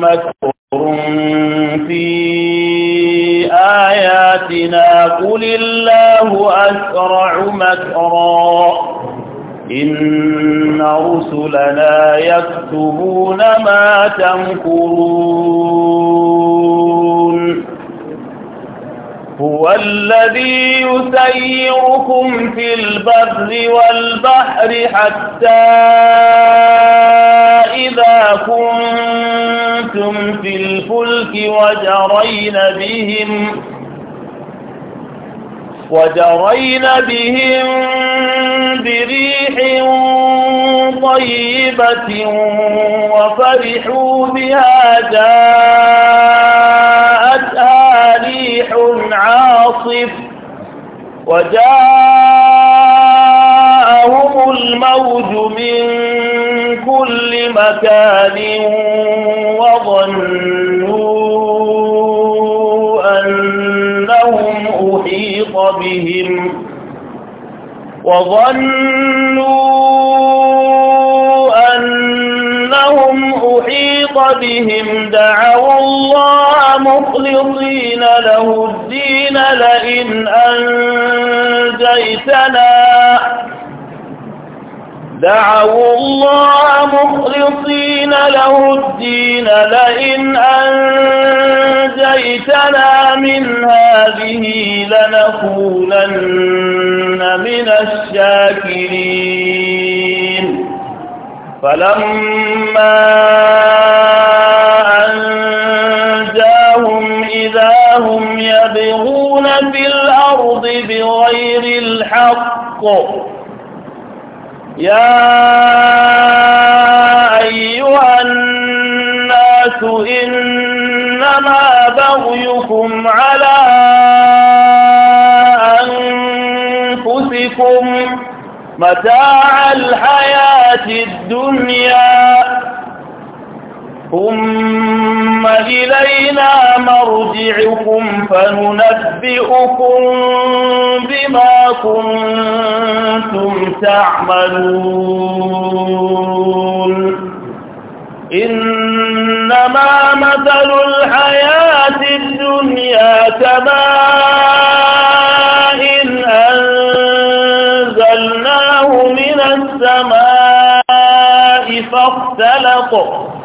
مكر في آياتنا قل الله أسرع مكرا إن رسلنا يكتبون ما تمكرون هو الذي يسيركم في البر والبحر حتى إذا كنتم وأنتم في الفلك وجرين بهم وجرين بهم بريح طيبة وفرحوا بها جاءتها ريح عاصف وجاءتها جاءهم الموج من كل مكان وظنوا أنهم أحيط بهم وظنوا أنهم أحيط بهم دعوا الله مخلصين له الدين لئن أنجيتنا دعوا الله مخلصين له الدين لئن أنجيتنا من هذه لنكونن من الشاكرين فلما أنجاهم إذا هم يبغون في الأرض بغير الحق يا أيها الناس إنما بغيكم على أنفسكم متاع الحياة الدنيا ثم إلينا مرجعكم فننبئكم كنتم تعملون إنما مثل الحياة الدنيا كماء إن أنزلناه من السماء فاختلطه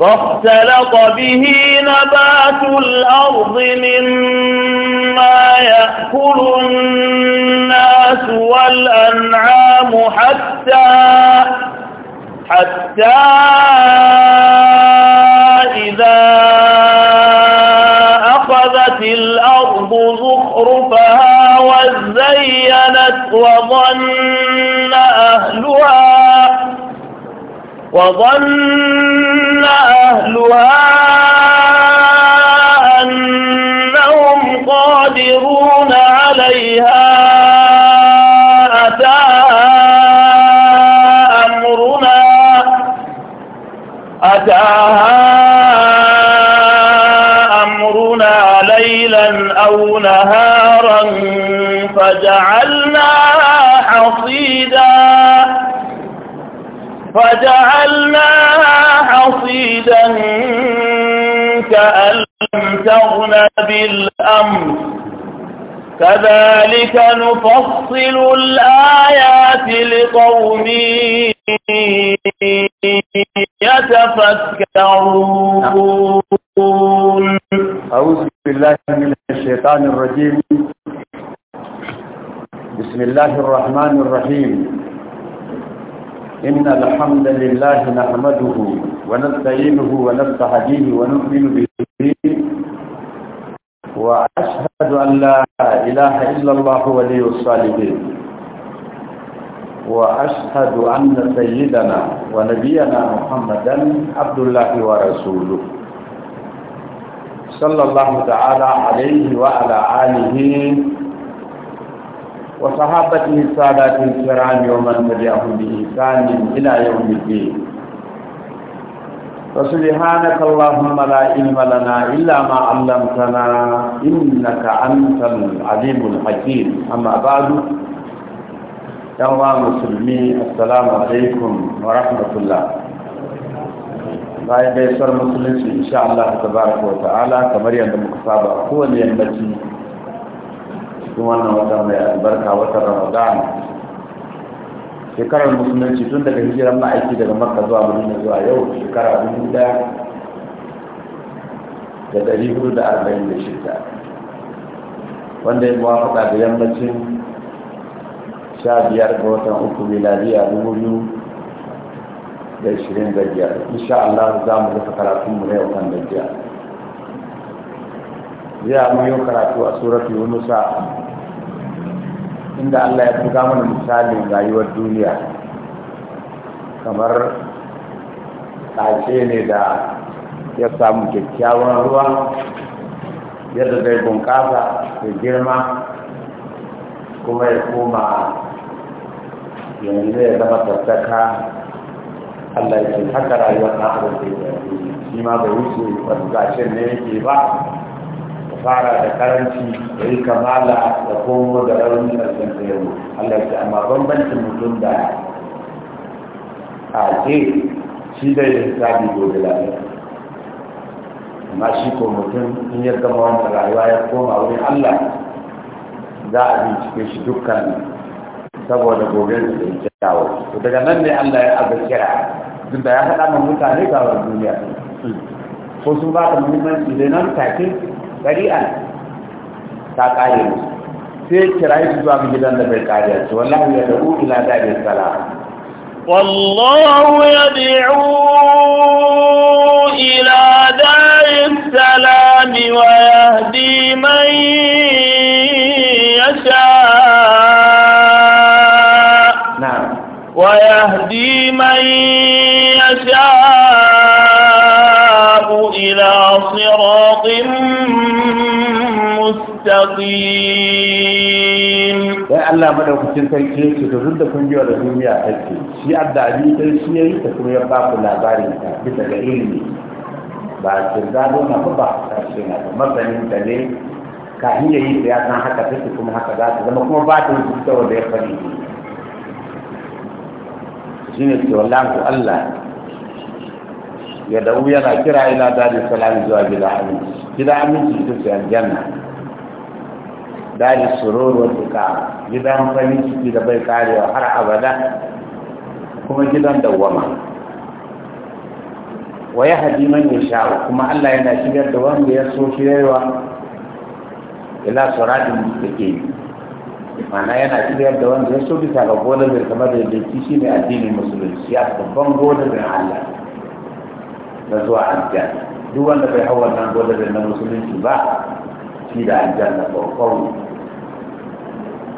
فاختلط به نبات الأرض مما يأكل الناس والأنعام حتى حتى إذا أخذت الأرض زخرفها وزينت وظن أهلها وظن أهلها أنهم قادرون عليها أتى أمرنا أتاها أمرنا ليلا أو نهارا فجعلناها حصيدا فجعلناها حصيدا كأن لم تغن بالأمر كذلك نفصل الآيات لقوم يتفكرون أعوذ بالله من الشيطان الرجيم بسم الله الرحمن الرحيم إن الحمد لله نحمده ونستعينه ونستهديه ونؤمن به وأشهد أن لا إله إلا الله ولي الصالحين وأشهد أن سيدنا ونبينا محمدا عبد الله ورسوله صلى الله تعالى عليه وعلى آله وصحابته السادات الكرام ومن تبعهم بإحسان إلى يوم الدين فسبحانك اللهم لا علم لنا إلا ما علمتنا إنك أنت العليم الحكيم أما بعد يا مسلمين السلام عليكم ورحمة الله bayan gaisuwar musulunci insha Allah tabaraka wa ta'ala kamar yadda muka saba kowane yammaci cikin wannan watan mai albarka watan ramadan shekarar musulunci tun daga hijirar ma'aiki daga makka zuwa madina zuwa yau shekara dubu daya da dari hudu da arba'in da shida wanda ya muwafaka da yammacin sha biyar ga watan uku miladiya dubu biyu da ishirin da biyar insha Allah za mu rufe karatunmu na yau kan da biyar. Ya muyo karatu a suratu Yunusa inda Allah ya buga mana misalin rayuwar duniya kamar tace ne da ya samu kyakkyawan ruwa yadda zai bunƙasa da girma kuma ya koma yanzu ya zama tattaka Allah ya ce haka rayuwar ya arziki shi ma bai wuce wasu gashin ne yake ba fara da karanci da yi kamala da komo da rauni a cikin tsayo Allah ya amma bambancin mutum da a ce shi da yin sabi gobe lafiya amma shi ko mutum in ya gama wanda rayuwa ya koma wurin Allah za a bincike shi dukkan saboda gobe su da ya kyawo daga nan ne Allah ya azakira duk da ya faɗa mutane ga wani duniya ko sun ba ka muhimmanci dai nan take sari'an ta kare mu sai kira shi zuwa ga gidan da bai kare shi wallahi ya da'u ila dari salam wallahu yad'u ila dari salam wa yahdi man yasha na'am wa yahdi man yasha فاذهب إلى صراط مستقيم يا الله مدعوك تنتهي كيف تتزد كنجي على دنيا أكي شيء أدعي تلسي أي تكون يرباك لا باري بسك علمي بعد تزدادو ما بضع تلسينا مثلا انت لي كهي هي سياسنا حتى تتكم حتى ذات لما كم بعد تلسي تتوى بيخليه شيني تتوى الله ya wuya yana kira ila dadi salami zuwa gida aminci gida ji ta ce aljanna dadi sururu wa tuka an farin ciki da bai wa har abada kuma gidan dawwama wa ya haji man ya sha'u kuma Allah yana shigar da wanda ya so shirarwa ila suratin mustaqim mana yana shigar da wanda ya so bisa ga gonar da kamar da yake shi ne addinin musulunci ya babban gonar da Allah na zuwa aljanna duk wanda bai hau wannan gwadarin na musulunci ba shi da aljanna kwakwau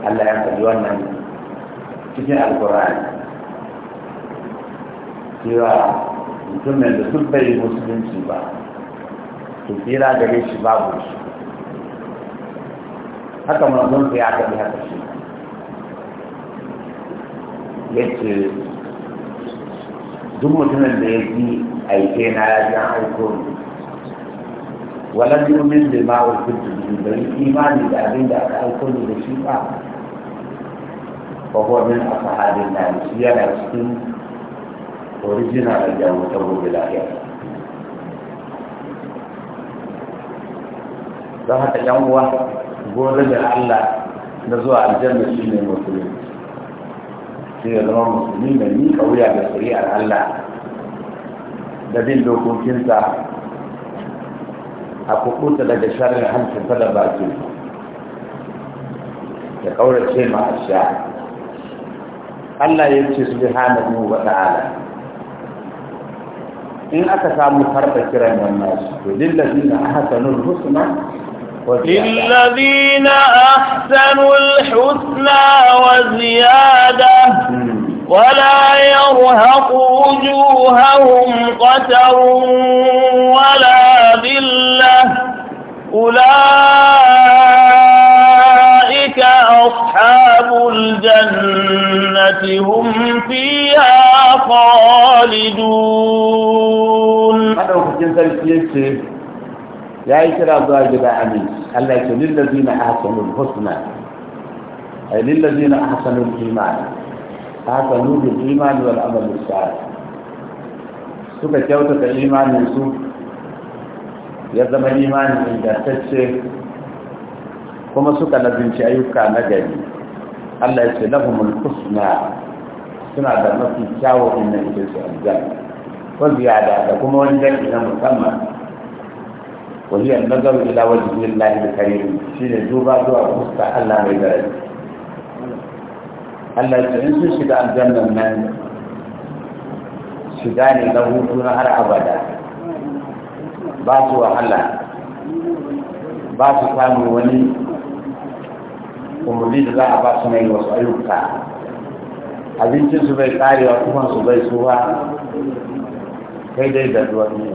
Allah ya faɗi wannan cikin alkur'ani cewa mutumin da duk bai musulunci ba to tsira gare shi babu shi haka manzon sai aka bi haka shi yace duk mutumin da ya ji أي تنازعكم ولم يؤمن بما أرسلت به بل إيمان بأبين أرسلكم بشيء فهو من أصحاب الناس سيانا سكين أوريجينال الجو تبو بالآخرة don haka yan uwa gobe da Allah na zuwa aljanna shi musulmi sai ya zama musulmi da ni da shari'ar Allah لو كنت انت أقوط لك شر الحمس طلباتي تقول الشيء مع الشعر الله يمشي سبحانه وتعالى إن أكثر مفرد كرم الناس للذين أحسنوا الحسنى للذين أحسنوا الحسنى وزيادة ولا يرهق وجوههم قتر ولا ذلة أولئك أصحاب الجنة هم فيها خالدون يا إكرا الله جبا أمين الله يقول للذين أحسنوا الحسنى أي للذين أحسنوا الإيمان haka da imani wal amal salih suka kyautata imanin su ya zama imanin ingantacce kuma suka nazarci ayyuka na gari Allah ya ce lahumul husna suna da mafi kyawun inna ita su aljanna ko ziyada da kuma wani jami'i na musamman wa hiya nazaru ila wajhi Allah karim shine duba zuwa fuskar Allah mai daraja Allah ya in sun shiga aljannan nan shiga ne na hutu na har abada ba su wahala ba su samu wani umarni da za a ba su mai wasu ayyuka abincinsu bai karewa kufansu bai suwa kai dai da ruwan ne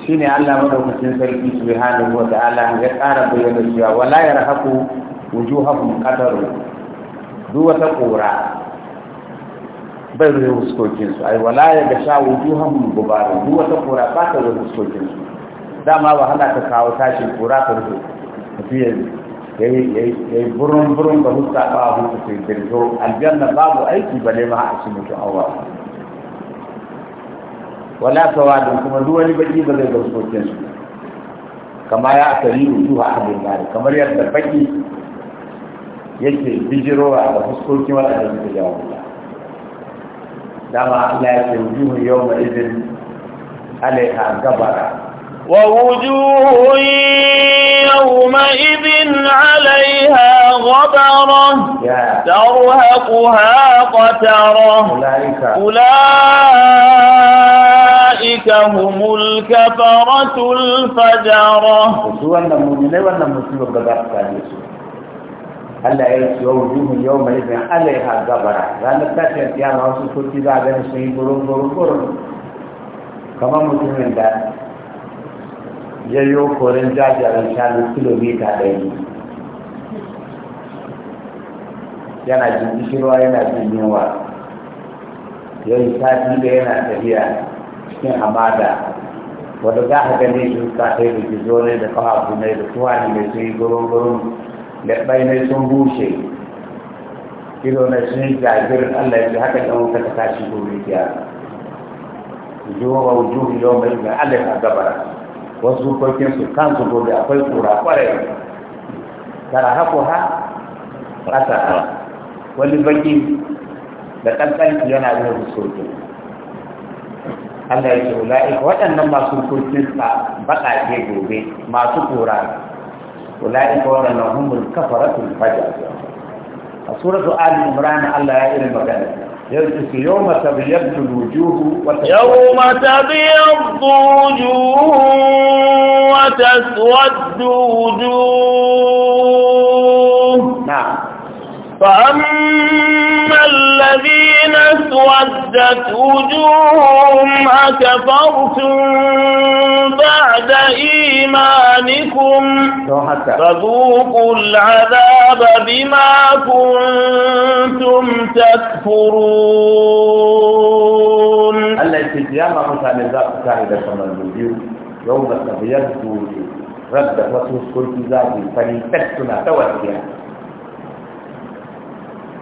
shi ne Allah madaukakin sarki subhanahu wa ta'ala ya ƙara bayyana cewa wala yarhaqu wujuhahum qadaru duk wata kora bai rufe fuskokin su ai wala ya gasha wujuhahum gubara duk wata kora ba ta rufe fuskokin su dama wahala ta kawo tashin kora ta rufe tafiya yayi yayi burun burun ba huska ba huska sai dirjo aljanna babu aiki bale ma a cikin mutu awwa wala sawadin kuma duk wani baki ba zai ga fuskokin su kama ya akari wujuha ahlin nar kamar yadda baki yake bijiro bijirowa da fuskokin waɗanda suka jawo Allah dama Allah ya ce wujuhu yau ma izin alaiha gabara wa wujuhu yawma ma alaiha gabara tarhaquha qatara ulaika ulaika humul kafaratul fajara su wannan mu'minai wannan musibar da za su su Allah ya ce yau juhu yau mai bin alaiha gabara ranar tashin kiyama su kurki za a gani sun yi burin burin burin kamar mutumin da ya yi korin jajayen shanu kilomita ɗari yana jin kishirwa yana jin yunwa ya yi sati da yana tafiya cikin hamada wadda za a gani shi ka sai da gizo ne da kawo ne da tuwa ne da sun yi gurin gurin labbai ne sun bushe kilo na sun jagir Allah ya haka da wuta ta tashi gobe kiya juwa wujuhu yau mai ga Allah ya gabara wasu kokin su kansu gobe akwai kura kwarai tara hako ha ƙasa wani baki da ƙanƙanci yana zuwa fuskokin Allah ya ce ula'ika waɗannan masu kurkin sa baƙaƙe gobe masu kura أولئك وأن هم الكفرة الفجر سورة آل عمران الله يعلم مكانه يوم تبيض الوجوه يوم تبيض وجوه وتسود وجوه نعم فأما الذين اسودت وجوههم أكفرتم بعد إيمانكم فذوقوا العذاب بما كنتم تكفرون الله يتجامع مثلا ذاك كاهدة كما الوجوه يوم قد ردت رد وسوس كل ذات فليتكتنا توسيا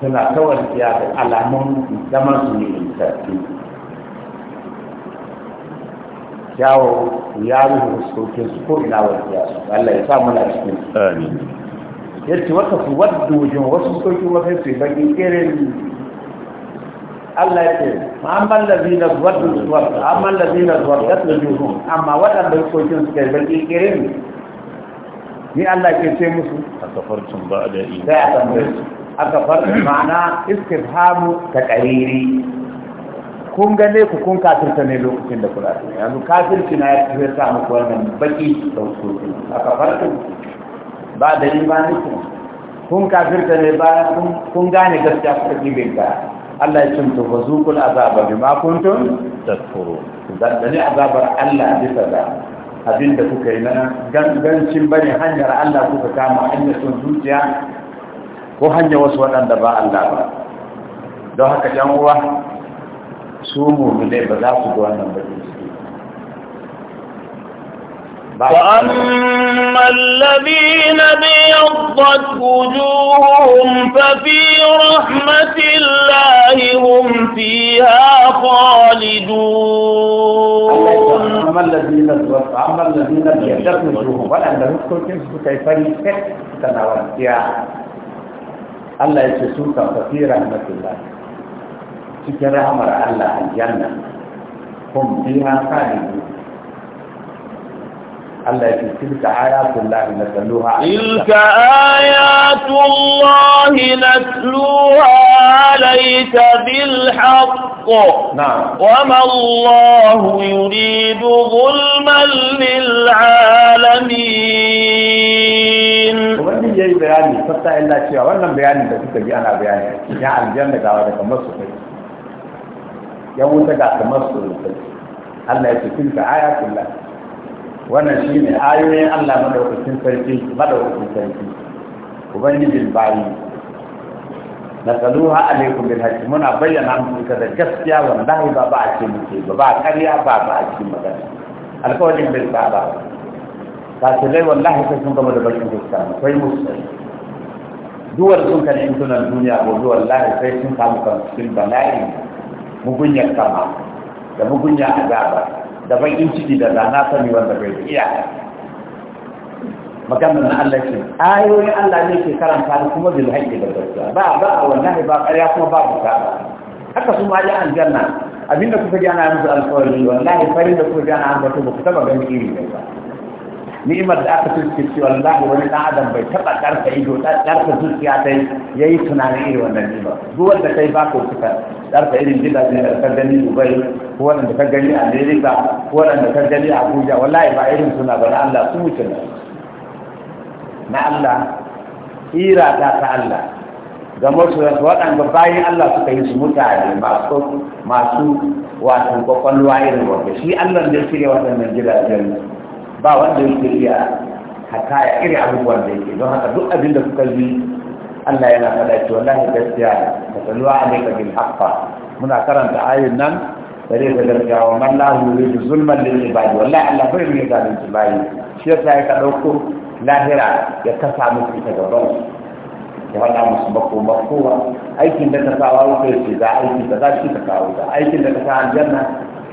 suna kawar da alamun zaman su ne tattu yawo ya ruhu soke su ko ina wajiya su Allah ya samu na cikin amin yace wata su waddu wajin wasu soke wata su baki irin Allah ya ce amma allazina waddu suwar amma allazina waddat wujuhum amma wadanda sokin su kai baki irin ni Allah ke ce musu a kafarcin ba da imani sai a tambaye su aka farka ma'ana istifhamu ta ƙariri kun gane ku kun kafirta ne lokacin da kula da yanzu kafirci na ya fi sa muku wannan baki da hukumin aka farka ba da ni ba nufin kun kafirta ne ba kun gane gaskiya kuka kibin ka Allah ya cin tuba zukul azaba bi ma kuntum tadfuru da ne azabar Allah bisa da abinda kuka yi na gangancin bane hanyar Allah kuka kama hanyar sun zuciya ko hanya wasu wadanda ba Allah ba don haka jan uwa su mu'minai ba za su ga wannan ba وأما الذين بيضت وجوههم ففي رحمة الله هم فيها خالدون أما الذين بيضت وجوههم ولا أن كيف تكفر تناول Allah ya ce sun kafa fi rahmatullah cikin rahamar Allah aljanna hum fiha khalidun Allah ya ce tilka ayatullahi natluha tilka ayatullahi natluha alayka bil haqq na'am wama Allahu yuridu zulman lil alamin wannan yayi bayani fasta illa cewa wannan bayani da kuka ji ana bayani ya aljanna gawa da kamar su kai ya wuta ga kamar su kai Allah ya ce ka ayatul la wannan shine ayoyin Allah madaukakin sarki madaukakin sarki ubangijin bayi nasaluha alaikum bil haqqi muna bayyana muku da gaskiya wallahi ba ba a ce muke ba ba ƙarya ba ba a ce magana alƙawarin bil ba kafirai wallahi sai sun gama da bakin fuska akwai musu duwar sun kan in tunan duniya ko duwar wallahi sai sun kamu kan cikin bala'i mugunyar kama da mugunyar azaba da bakin ciki da rana sani wanda bai iya maganar na Allah ce ayoyin Allah ne ke karanta da kuma bil haƙƙi da gaskiya ba ba a wallahi ba ƙarya kuma ba buka ba haka su ma an aljanna abinda kuka ji ana musu alƙawari wallahi farin da kuka gana an ambata ba ku taba gani iri da ba ni'imar da aka tuske wallahi wani dan adam bai taba karka ido karka zuciya ta yayi tunanin irin wannan ni'ima duk da kai baka ko suka karka irin gidajen da ka gani Dubai ko wanda ka gani a America ko wanda ka gani a Abuja wallahi ba irin suna ba na Allah su wuce na Allah ira ta ta Allah ga su waɗanda bayan Allah suka yi su mutane masu masu wato kwakwalwa irin wanda shi Allah ne shirya waɗannan gidajen ba wanda yake iya ya iri abubuwan da yake don haka duk abin da suka yi Allah yana faɗa ce wallahi gaskiya da tsaluwa ka bil haqqa muna karanta ayin nan bare da gaskiya wa man la yuridu zulman lil ibadi wallahi Allah bai ne zalunci bayi shi yasa ya ka dauko lahira ya kasa musu da gaban ya faɗa musu bako kowa aikin da ka sa wa wuce ce za aiki da za shi ka kawo ta aikin da ka sa aljanna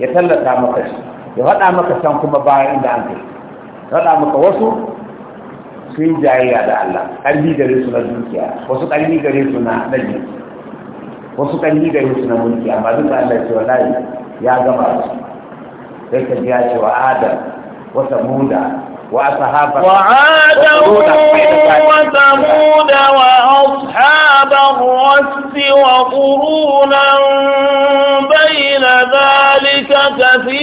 ya tallata maka shi ya faɗa maka can kuma bayan inda an kai faɗa maka wasu sun jayayya da Allah ƙarfi gare su na dukiya wasu ƙarfi gare su na ɗaji wasu ƙarfi gare su na mulki amma duka Allah ce wallahi ya gama su sai ka ji ya ce wa Adam wa Samuda wa ashabar wa Adam wa Samuda wa ashabar rasi wa qurunan bayna dhalika kathira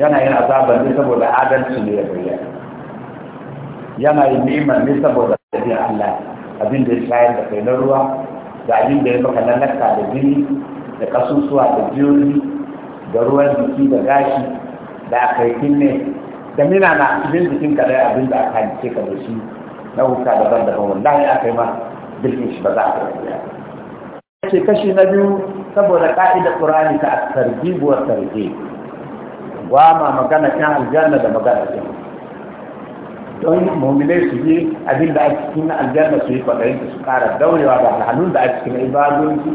yana yin azabar ne saboda adalci ne ya bayyana yana yin ni'imar ne saboda sabin Allah abin da ya shayar da kai na ruwa da abin da ya maka lalata da jini da kasusuwa da jiyoyi da ruwan jiki da gashi da akaikin ne da mina na abin jikin ka dai abin da aka ce ka da shi na wuta daban daban ya aka yi ma bilkin shi ba za a kai kashi na biyu saboda ka'idar qur'ani ta a tarjibuwar wa wa ma magana kan aljanna da magana kan don mu'minai su yi abin da a cikin aljanna su yi kwaɗayin su ƙara daurewa da hannun da a cikin ibadoji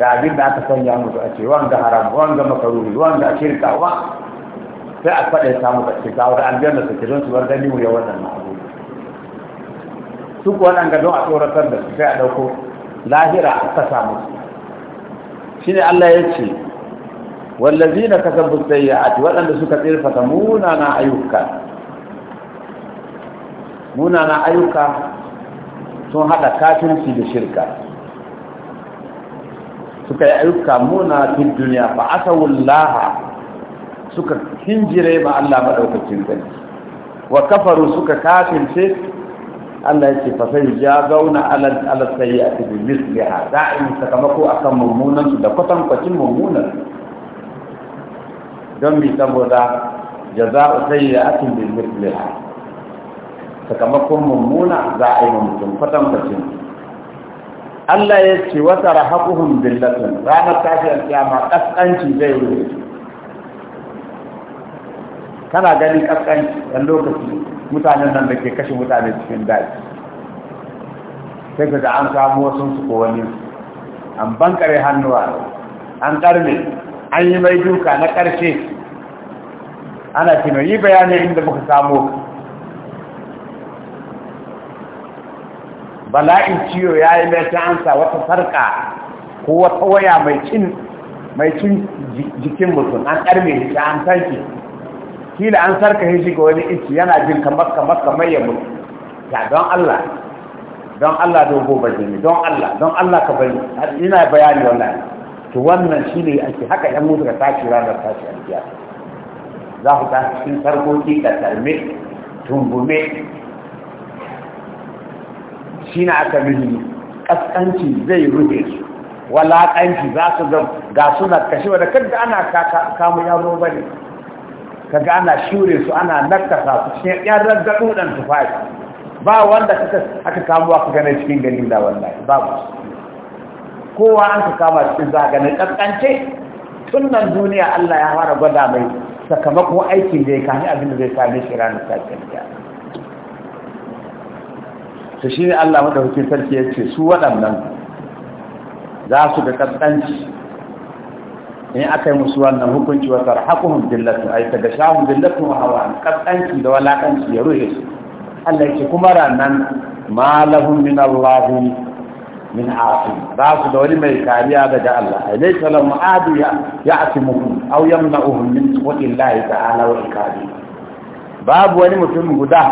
da abin da aka sanya musu a ce wanga haram wanga makaruri wanga shirka wa sai a kwaɗe samu a ce ga da aljanna su ke don su bar gani mu ya wannan ma'abu su kuwa nan ga don a tsoratar da su sai a ɗauko lahira a kasa musu ne Allah ya ce wallazina kasabu sayyi'ati waɗanda suka tsirfata munana ayyuka munana ayyuka sun hada kafirci da shirka suka yi ayyuka muna fi duniya fa asawullaha suka hinjire ma Allah madaukakin sarki wa kafaru suka kafirce Allah yake fa sai ya zauna ala ala sayyi'ati bi misliha da'in sakamako akan mummunan su da kwatankwacin kwacin mummunan don bi saboda jaza'u sayyi'atin bil mithliha sakamakon mummuna za a yi mutum fatan fashin Allah ya ce wata rahakuhun billatun ranar tafiyar kiyama kaskanci zai rufe kana gani kaskanci dan lokaci mutanen nan da ke kashe mutane cikin daji sai ka ga an samu wasu su ko an bankare hannuwa an karne an yi mai duka na ƙarshe ana ce mai yi bayanin inda muka samu bala'in ciwo ya yi mai ansa wata farka ko wata waya mai cin jikin mutum an ƙarfe shi an tanki kila an sarka shi ga wani ici yana jin kamar kamar kamar ya mutu ya don Allah don Allah dogo jini, don Allah don Allah ka bari ina bayani wannan to wannan shi ne ake haka yan mutu da tashi ranar tashi jiya za ku tashi cikin sarkoki da tarme tumbume shi na aka rufe ƙasƙanci zai rufe su walaƙanci za su ga suna kashe wadda kada ana kamun yaro ba ne kaga ana shure su ana nakasa su cikin yan raggaɗu ɗan tufafi ba wanda aka kamuwa ku gane cikin ganin da wallahi babu su kowa an ka kama cikin zaganin ƙasƙance tun nan duniya Allah ya fara gwada mai sakamakon aikin da ya kani abin da zai same shi ranar tashin da su shi ne Allah hukin sarki ya ce su waɗannan za su da ƙasƙanci in aka yi musu wannan hukunci wata haƙuhun dillatu a yi ta ga shahun dillatu a hawa kaskanci da walaƙanci ya ruhe su Allah ya ce kuma ranar ma lahun min Allah min afi ba su da wani mai kariya daga Allah alai salam adu ya ya'timuhum aw yamna'uhum min qudillahi ala wa ikadi babu wani mutum guda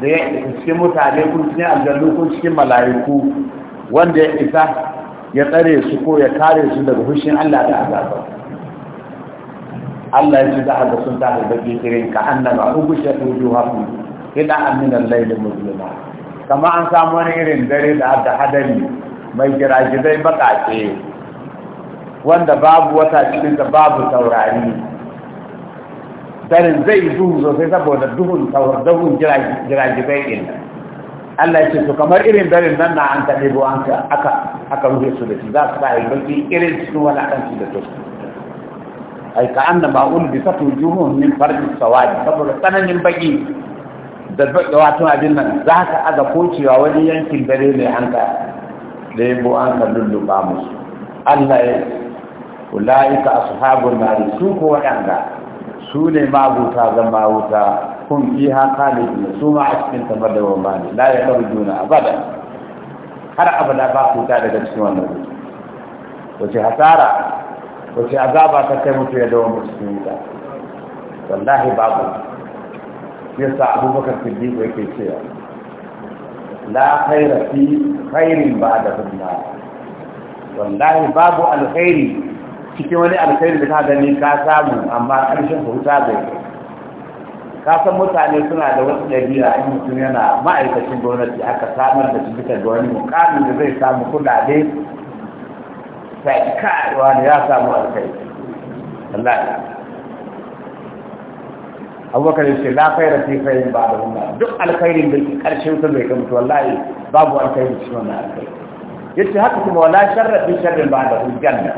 da ya cikin mutane kun cikin aljannu kun cikin mala'iku wanda ya isa ya tsare su ko ya kare su daga hushin Allah da azaba Allah ya ji da hada sun ta da kirin ka annaba ubusha wujuhakum ila amina al-layl musulma kama an samu wani irin dare da hadari mai giragizai baƙaƙe wanda babu wata cikinsa babu taurari darin zai duhu sosai saboda duhun duhun giragizai ɗin Allah ce su kamar irin darin nan na an taɗe ruwan aka aka rufe su da shi za su sa'ayi baki irin cikin wani ɗansu da tusu ai ka an na ba'ul bi satu juhun min farjin sawadi saboda tsananin baki da wato abin nan za ka aga kocewa wani yankin dare mai hankali ɗebo an ka lulluɓa musu Allah ya ula'ika ashabun nari su ko waɗanda su ne mabuta zama wuta kun fi haka ne su ma a cikin ta madawan ba ne la ya karu juna abada har abada ba kuta daga cikin wannan wuta wace hasara wace azaba ta kai mutu ya dawo cikin wuta wallahi babu yasa abubakar siddiq yake cewa la khaira fi khairin ba'da hunna wallahi babu alkhairi cikin wani alkhairi da ka gani ka samu amma karshen huta bai ka san mutane suna da wasu ɗabi'a in mutum yana ma'aikacin gwamnati aka samar da shi bisa ga wani mukamin da zai samu kuɗaɗe sai kai wani ya samu alkhairi wallahi abubakar ya ce la khaira fi khairin ba da duk alkhairin da ke karshen sa bai kamata wallahi babu alkhairi cikin wannan alkhairi yace haka kuma wala sharra fi sharrin ba da janna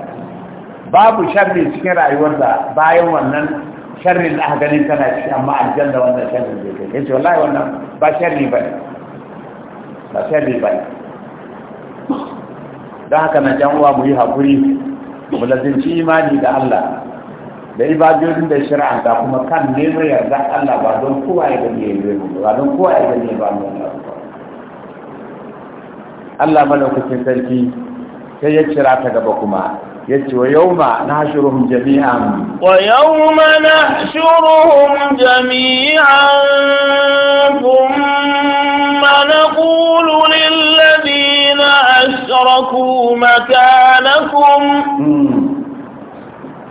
babu sharri cikin rayuwar da bayan wannan sharrin da aka ganin tana ci amma aljanna wannan sharrin bai kai yace wallahi wannan ba sharri bane ba sharri bane don haka na jan uwa mu yi hakuri mu lazinci imani da Allah da ibadodin da shari'a da kuma kan neman yarda Allah ba don kowa ya gani ya ba don kowa ya gani ya ba mu Allah malaukakin sarki sai ya kira ta gaba kuma ya ce wa yawma ma jami'an wa yawma ma jami'an thumma naqulu lil ladina asharaku makanakum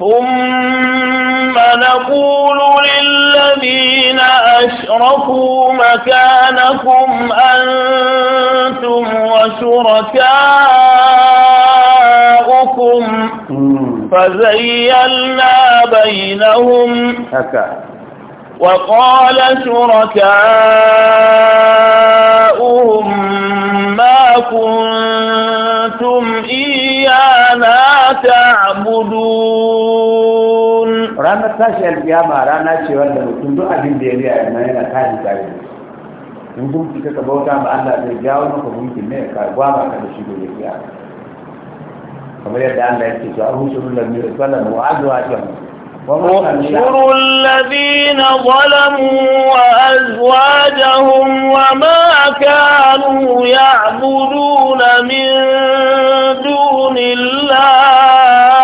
ثم نقول للذين أشركوا مكانكم أنتم وشركاؤكم فزيلنا بينهم وقال شركاؤهم ما كنتم إيه إيانا تعبدون رانا تاشي القيامة رانا شي وانا كنتو أبين ديري أنا هنا تاشي تاشي in gunki ka bauta ma Allah zai jawo maka gunkin ne ka gwaba ka da shi da kiyama kamar yadda Allah yake cewa rusulun lam yusallam wa احشروا الذين ظلموا وأزواجهم وما كانوا يعبدون من دون الله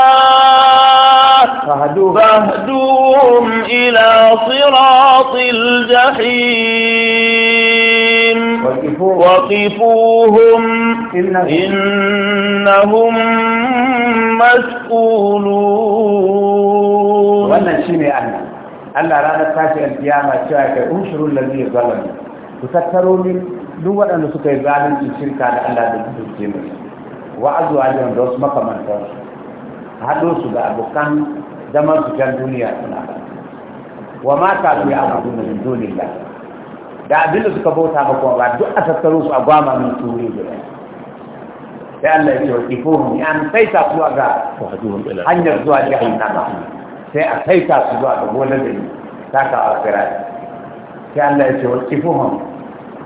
فاهدوهم إلى صراط الجحيم وقفوهم إنهم مَسْئُولُونَ shine Allah Allah ranar tashi alkiyama cewa kai unshurul lazi zalami ku tattaro ni duk waɗanda suka yi zalunci shirka da Allah da su ke mu wa ajin da wasu makamantar hado su da abokan zaman su kan duniya suna wa ma ka su ya abu min dunillah da abin da suka bauta ba kuma duk a tattaro su a gwama min su da ya sai Allah ya ce wa kifuhum an sai ta su ga hanyar zuwa jahannama sai a kai ta su zuwa ga gonar da ni ta ka a kira sai Allah ya ce wa kifuhum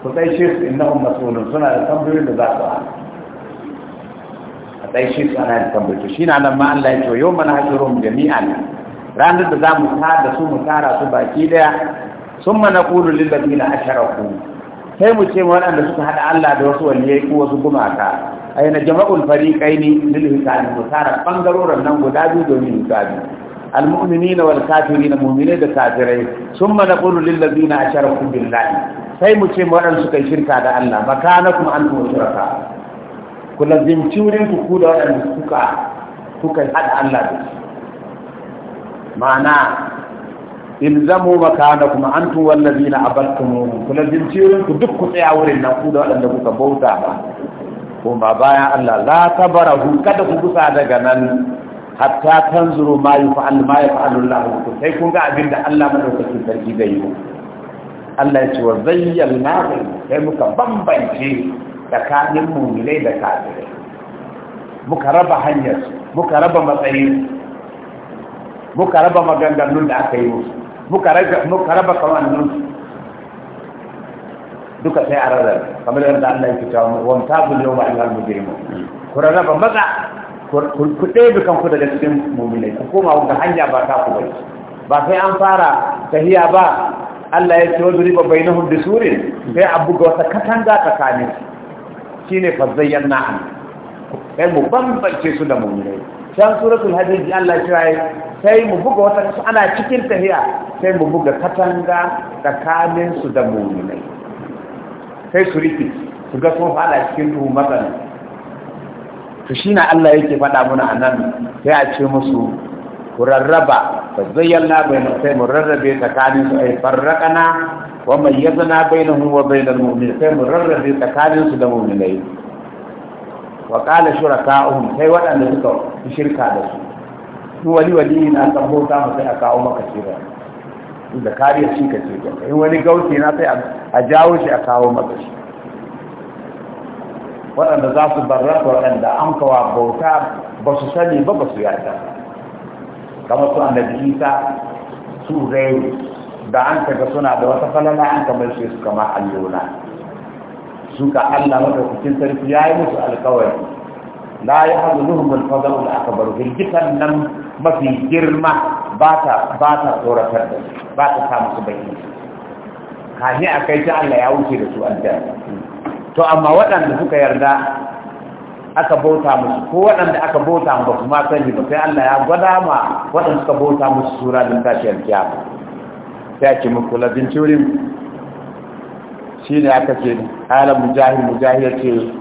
ku shi su innahum masulun suna da tambayoyin da za su hana a tsai shi su ana da tambayoyi shi na nan ma Allah ya ce wa yau mana hajjurum jami'an ranar da za mu da su mu tara su baki ɗaya, sun mana kulu lillazina asharaku sai mu ce waɗanda suka haɗa Allah da wasu waliyai ko wasu gumaka aina jama'ul fariqaini lil hisabi mu tara bangarorin nan guda biyu domin hisabi المؤمنين والكافرين مؤمنين da kafirai summa naqulu lil ladina asharaku billahi sai mu ce waɗanda suka yi shirka da Allah makanakum antum shuraka ku lazimci wurin ku ku da waɗanda suka kuka hada Allah da shi ma'ana ilzamu makanakum antum wal ladina abattum ku lazimci wurin ku duk ku tsaya wurin nan ku da waɗanda kuka bauta ba kuma bayan Allah la tabarahu kada ku gusa daga nan hatta tanzuru ma yaf'al ma yaf'alu Allah sai kun ga abin da Allah madaukakin sarki zai yi Allah ya ce wa zayyana sai muka bambance tsakanin mu'minai da kafirai muka raba hanyar muka raba matsayin muka raba maganganun da aka yi musu muka raba kamannin duka sai a rarar kamar yadda Allah ya fita wa tabu yau ba ilal mujrimu ku raba maza ku kan kanku daga cikin muminai ku koma wanda hanya ba ta ku ba sai an fara tahiya ba Allah ya ce wani riba bai na hudu surin sai a buga wata katanga tsakanin shi ne fazzayyar na'an sai mu bambance su da muminai can suratul hadiji Allah ya ce sai mu buga wata ana cikin tahiya sai mu buga katanga tsakanin su da muminai sai su riki su ga sun fada cikin tuhu to shi na Allah yake faɗa muna a nan sai a ce musu ku rarraba fa zayyana bayna sai mu rarrabe tsakanin su ay farraqana wa mayyazna huwa bai bainal mu'minin sai mu rarrabe tsakanin su da mu'minai wa qala shuraka'uhum sai waɗanda suka shirka da su su wani wali na san bauta mu sai a kawo maka shira da kariya shi ka ce in wani gauti na sai a jawo shi a kawo maka shi waɗanda za su barra waɗanda an kawa bauta ba su sani ba ba su yarda kamar su annabi isa su da an kaga suna da wata falala an kamar shi su kama allona su ka allah cikin sarki ya yi musu alkawari la ya hazu zuhun alfazar da aka bar girgitan nan mafi girma ba ta tsoratar da ba ta sa musu bakin kahin a kai ta allah ya wuce da su an jami'a to amma waɗanda suka yarda aka bauta musu ko waɗanda aka bauta ba kuma sani ba sai Allah ya gwada ma waɗanda suka bauta musu sura din tashiyar kiyama sai ake muku labin turin shi ne aka ce halar mujahi ya ce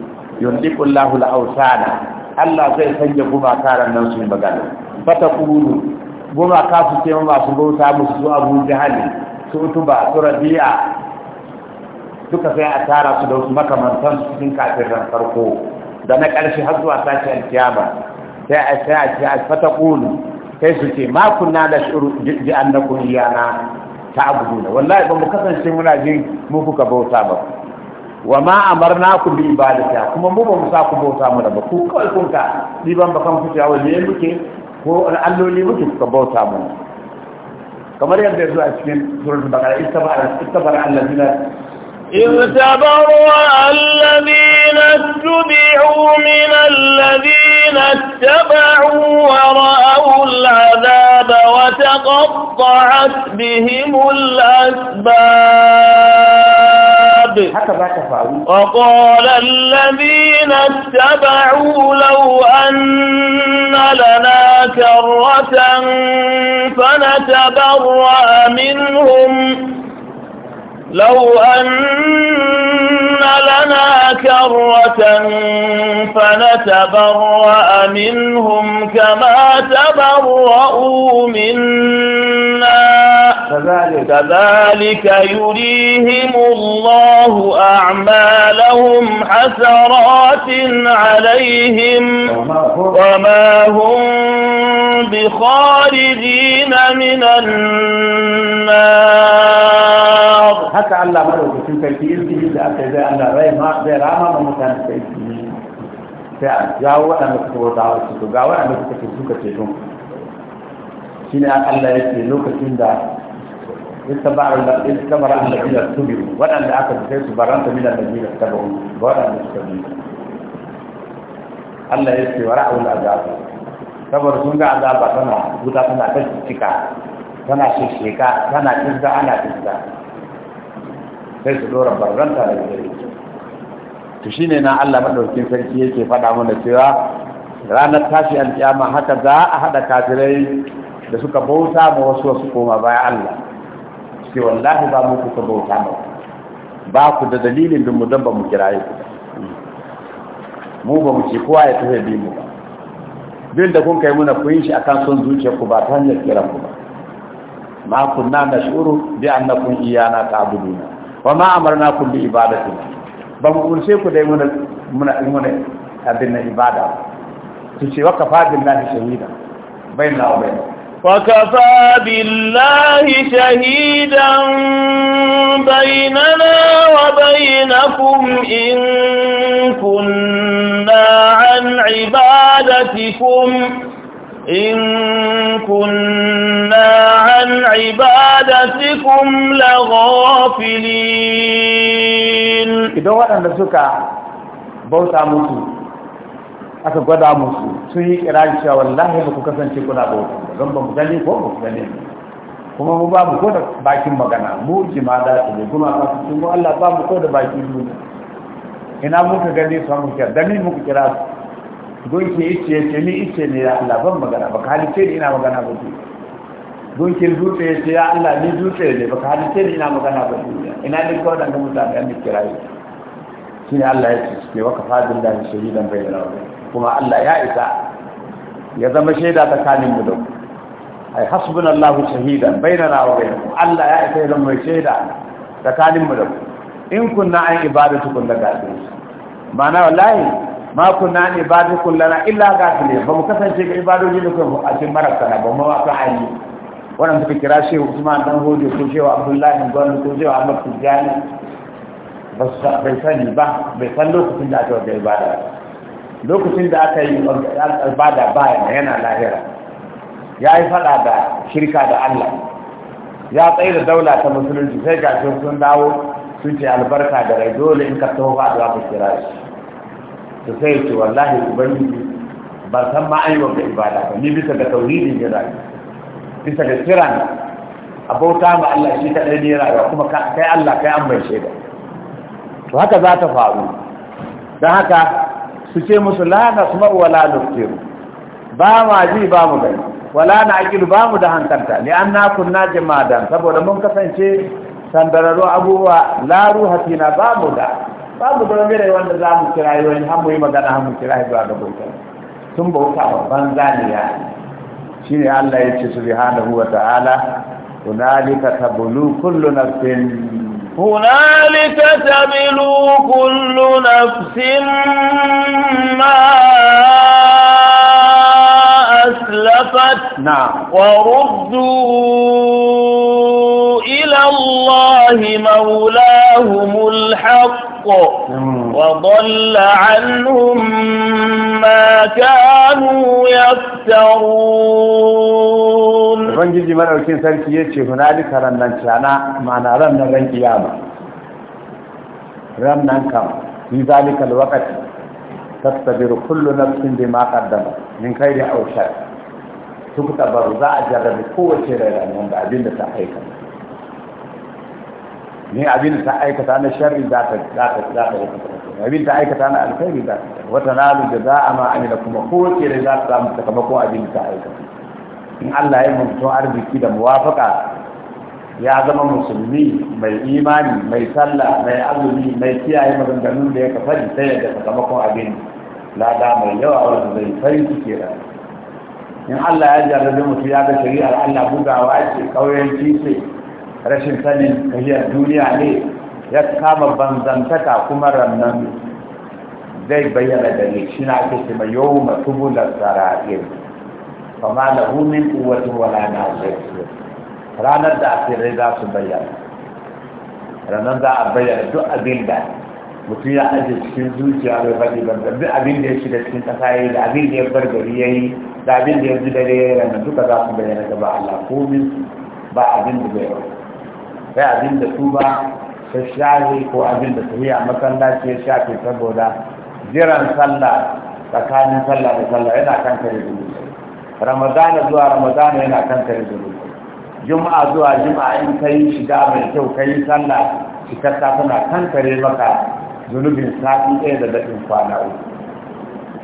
yundiƙun lahul ausana Allah zai sanya gumaka ran nan su yi magana fata kuru gumaka su ce masu bauta musu su abu jihani su utuba su rabi'a duka sai a tara su da wasu makamantan su cikin kafiran farko da na ƙarshe har zuwa sashi alkiyama sai a sai a ce alfata ƙulu sai su ce ma kunna da shuru ji an na kuniyana ta abudu wallahi ba mu kasance muna jin mu kuka bauta ba wa ma amarna ku bi ibadata kuma mu ba mu sa ku bauta mu da ba ku kawai kun ka diban bakan ku cewa ne muke ko alloli muke kuka bauta mu kamar yadda ya zo a cikin suratul baqara istabara istabara allazina إذ تبرأ الذين اتبعوا من الذين اتبعوا ورأوا العذاب وتقطعت بهم الأسباب وقال الذين اتبعوا لو أن لنا كرة فنتبرأ منهم لو أن لنا كرة فنتبرأ منهم كما تبرؤوا منا كذلك, كذلك يريهم الله أعمالهم حسرات عليهم وما هم بخارجين من النار haka Allah madaukakin sarki izini da aka zai Allah rai ma zai rama ma mutane da izini sai a jawo waɗanda suka wata wa su ga waɗanda suka ce suka ce tun shi ne Allah ya ce lokacin da ita istabar an lafiya su biyu waɗanda aka sai su baranta milan da biyu ta bau ga waɗanda suka bi Allah ya ce wa ra'ul azabu, saboda sun ga azaba tana wuta tana ta cika tana shisheka tana cika, ana cika. sai su dora barranta da gare to shine na Allah madaukakin sarki yake faɗa mana cewa ranar tashi alƙiyama haka za a haɗa kafirai da suka bauta ma wasu wasu koma baya Allah ce wallahi ba mu kuka bauta ba ba ku da dalilin dun mu dan mu kiraye ku mu ba mu ce kowa ya tafi bi mu ba bin da kun kai muna kun shi akan son zuciyar ku ba ta hanyar kiran ku ba ma kunna nashuru bi annakum iyana ta'buduna wa ma amarna kun bi ibadati ba mu umarce ku dai muna muna muna abin na ibada su ce wa kafa billahi shahida bainna wa bainna wa kafa billahi shahidan bainana wa bainakum in kunna an ibadatikum إن كنا عن عبادتكم لغافلين إذا وأنا سكا بوتا موسو aka gwada musu sun yi kirari cewa wallahi ba ku kasance kuna bauta don ba mu gani ko ba ku gani kuma mu ba mu ko da bakin magana mu jima da su ne kuma a cikin mu Allah ba mu ko da bakin duniya ina muka gani su muka gani muka kira su gunke ice ya ce ni ice ne ya Allah ban magana baka halice ni ina magana ba ku gunke dutse ya ce ya Allah ni dutse ne baka halice ni ina magana ba ku ina ne kawai dan mutane an kira yi ne Allah ya ce ke waka fadin da shahidan bayyana kuma Allah ya isa ya zama shaida tsakanin mu da ku ai hasbunallahu shahidan bainana wa bainakum Allah ya isa ya zama shaida tsakanin mu da ku in kunna an ibadatukum da gadi ma'ana wallahi ma na ne ba da kullana illa ga ne ba mu kasance ga ibadoji da kuma a cikin marasa ba mu ma ka ayi wannan suka kira shi Usman dan Hodo ko shehu Abdullahi Gwanu ko shehu Ahmad Tijani ba su bai sani ba bai san lokacin da aka wajen ibada lokacin da aka yi ibada ba yana lahira ya yi fada da shirka da Allah ya tsaye da daula ta musulunci sai ga sun dawo sun ce albarka da rai dole in ka taho ba da kira shi to sai ce wallahi ubangiji ba san ma an yi wanda ibada ba ni bisa ga tauhidin ya rayu bisa ga kiran abota ma Allah shi kaɗai ne rayu kuma kai Allah kai an mai shaida to haka za ta faru don haka su ce musu la na sumar wala nuftiru ba ma ji ba mu gani wala na aqilu ba mu da hankalta ne an na kunna jama'a saboda mun kasance sandararru abubuwa la ruhatina ba mu da babu dogare wanda za mu kira yi wani hamu yi magana hamu kira yi zuwa ga bauta sun bauta wa banza ne ya shi ne Allah ya ce subhanahu wa ta'ala hunalika tabulu kullu nafsin هنالك تبلو كل نفس ما أسلفت نعم وردوا إلى الله مولاهم الحق الحق وضل عنهم ما كانوا يفترون ubangiji madaukin sarki ya ce hunalika rannan cana ma'ana rannan ran kiyama rannan kam fi zalika alwaqti tastabiru kullu nafsin bima qaddama min khairi aw shar tukta za a jarrabi kowace rai ranar da abin da ta aikata ne abin ta aikata na sharri za ta za ta za ta abin ta aikata na alkhairi za ta wata nalu a ma amila kuma ko ce da za ta samu sakamakon abin ta aikata in Allah ya mutu arziki da muwafaka ya zama musulmi mai imani mai sallah mai azumi mai kiyaye maganganun da ya da sai da sakamakon abin lada mai yawa wanda zai farin ciki da. in Allah ya jarrabe mutum ya ga shari'ar Allah bugawa ce kauyen kise rashin sani kahiyar duniya ne ya kama banzantaka kuma rannan zai bayyana da ne shi na ake ce mai yau matubu da sara'ir kama da hunin kuwatu wala na zai ranar da ake rai za su bayyana ranar za a bayyana duk abin da mutum ya ajiye cikin zuciya mai faɗi ban duk abin da ya shiga cikin ƙasa ya yi da abin da ya bar gari ya yi da abin da ya ji dare ya yi ranar duka za su bayyana gaba Allah komin ba abin da bai Kai abin da su ta shahi ko abin da tafiya masallaci ya shafe saboda jiran sallah tsakanin sallah da sallah yana kan kare zuru ramadana zuwa ramadana yana kan kare zuru juma'a zuwa juma'a in ka yi shiga mai kyau ka yi sallah cikakka tana kan kare maka zunubin sati ɗaya da daɗin kwana uku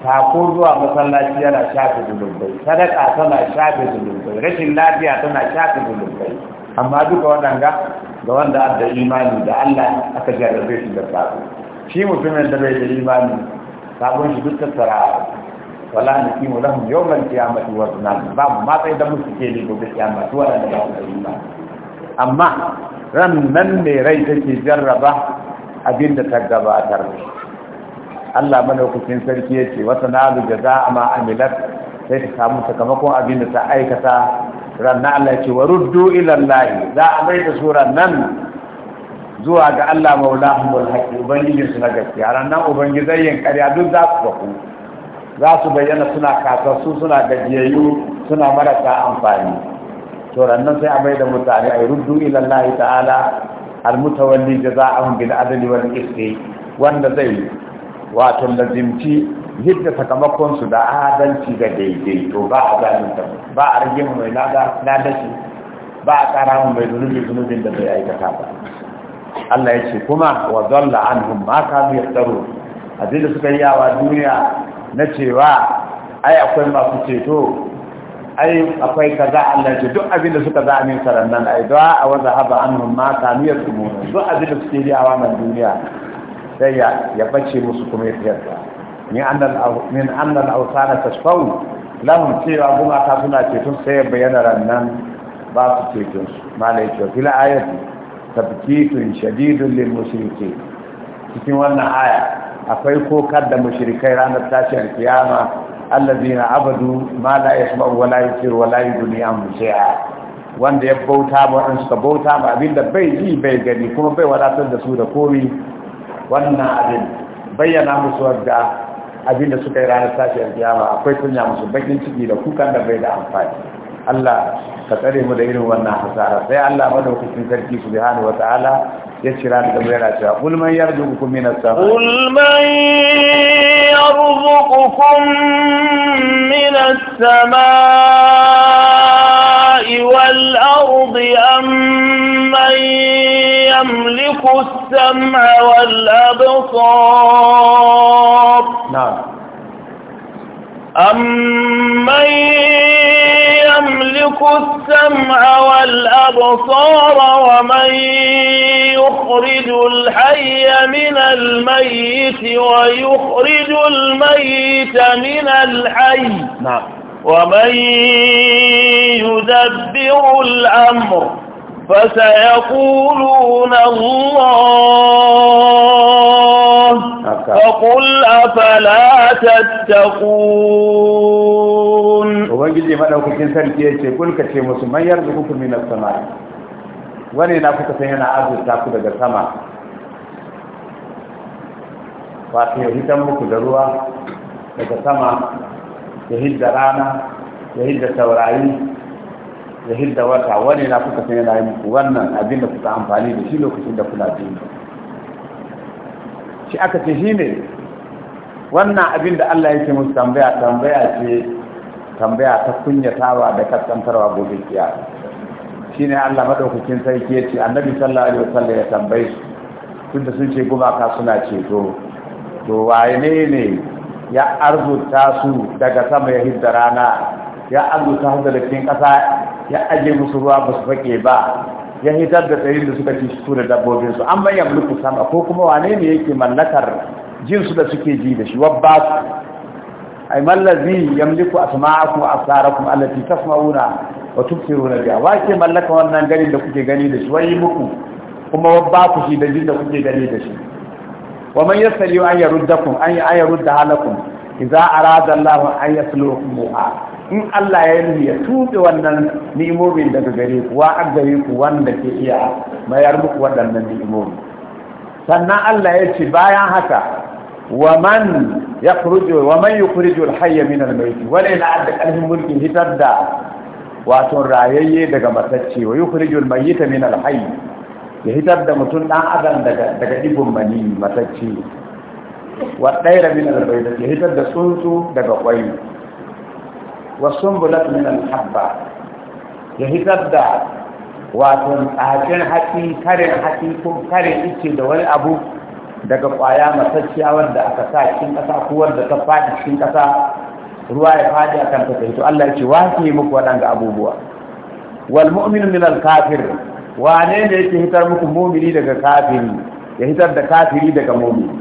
tako zuwa masallaci yana shafe zunubai sadaka tana shafe zunubai rashin lafiya tana shafe zunubai amma duka waɗanga ga wanda da imani da Allah aka jarrabe shi da ba shi mutumin da bai da imani sabon shi duk tsara. wala na kimu lahum yawmal qiyamati wa zunan ba mu ma sai da mu suke ne gobe kiyama to wala da ba imani amma ran nan ne rai take jarraba abin da ta gabatar Allah mana hukuncin sarki yace wa sanalu jazaa ma amilat sai ta samu sakamakon abin da ta aikata ranna Allah ce wa ruddu ila za a mai da su rannan zuwa ga Allah maula haqi ubangijin su na gaskiya rannan ubangijayyin ƙarya duk za su baku za su bayyana suna kasassu suna gajiyayyu suna marasa amfani to rannan sai a mai da mutane yi ruddu ila ta'ala almutawalli jaza'ahum bil adli wal qisti wanda zai wato lazimci yadda sakamakonsu da adalci da to ba a ta ba a rage mu mai ladashi ba a tsara mu mai zunubi zunubin da bai aikata ba Allah ya ce kuma wa zalla an hun ma ka zai tsaro abin da suka yi yawa duniya na cewa ai akwai masu ceto ai akwai kaza Allah ya ce duk abin da suka za a min sarannan ai da a wanda haba an hun ma ka miyar tsumuna duk abin da suke yawa nan duniya sai ya bace musu kuma ya fiyarta min annal ausana tashfau lahum cewa gumaka suna ceton sai bayyana nan ba su ceton su malai cewa fil ayati tabkitun shadidun lil mushrike cikin wannan aya akwai kokar da mushirikai ranar tashin kiyama allazina abadu ma la yasma'u wa la yusiru wa la wanda ya bauta ma wadanda suka bauta ma abinda bai ji bai gani kuma bai wadatar da su da komi wannan abin bayyana musu wadda abinda suka yi ranar tashiyar kiyama akwai kunya musu bakin ciki da kukan da bai da amfani Allah ka tsare mu da irin wannan hasara sai Allah madaukakin sarki subhanahu wataala ya cira da yana cewa kul man yarzuqukum min as-sama kul man yarzuqukum min as-samaa'i wal ardi amman يملك السمع والأبصار نعم أمن يملك السمع والأبصار ومن يخرج الحي من الميت ويخرج الميت من الحي نعم ومن يدبر الأمر فسيقولون الله فقل أفلا تتقون وبنجي ما لو كنت سألت يجي كل كشيء مسمى يرزقك من السماء وانا نفسك سينا عز تاكد السماء فاتي يهتمك دروا السماء يهد رانا يهد تورايه ya hilda wata wani na kuka sanya na muku wannan abin da kuka amfani da shi lokacin da kuna jini shi aka ce shi ne wannan abin da Allah yake musu tambaya tambaya ce tambaya ta kunyatawa da kaskantarwa gobe kiya shi ne Allah madaukakin sarki ya ce annabi sallallahu alaihi wasallam ya tambaye su tunda sun ce gumaka suna ceto to waye ne ne ya arzuta su daga sama ya hidda rana ya arzuta su da cikin ƙasa ya ajiye musu ruwa ba su fake ba ya hitar da tsayin da suka ci su da dabbobinsu an bayan mulku sama ko kuma wane ne yake mallakar jinsu da suke ji da shi wabba su ay mallazi yamliku asma'akum wa absarakum allati tasma'una wa tubsiruna biha ke mallaka wannan gani da kuke gani da shi wai muku kuma wabba ku shi da jin da kuke gani da shi wa man yasali an yaruddakum an yarudda halakum idza arada Allah an yasluhu muha in Allah ya yi ya tuɓe wannan ni'imomin daga gare ku wa an gare ku wanda ke iya mayar muku waɗannan ni'imomi sannan Allah ya ce bayan haka wa man yakhruju wa man yukhriju al-hayya min al-mayt wa la ya'd mulki hitar da wato rayayye daga matacce wa yukhriju al-mayyita min al-hayy ya hitar da mutum ɗan adam daga daga mani matacce wa daira min al ya hitar da tsuntsu daga ƙwai. wasumbulat min alhabba ya hitar da wato tsacin haƙi karin haƙi ko karin ice da wani abu daga ƙwaya matacciya wanda aka sa cikin ƙasa ko wanda ta faɗi cikin ƙasa ruwa ya faɗi a kan ta to Allah ya ce wa ke muku waɗanga abubuwa wal mu'min min al kafir wane ne yake hitar muku mu'mini daga kafiri ya hitar da kafiri daga mu'mini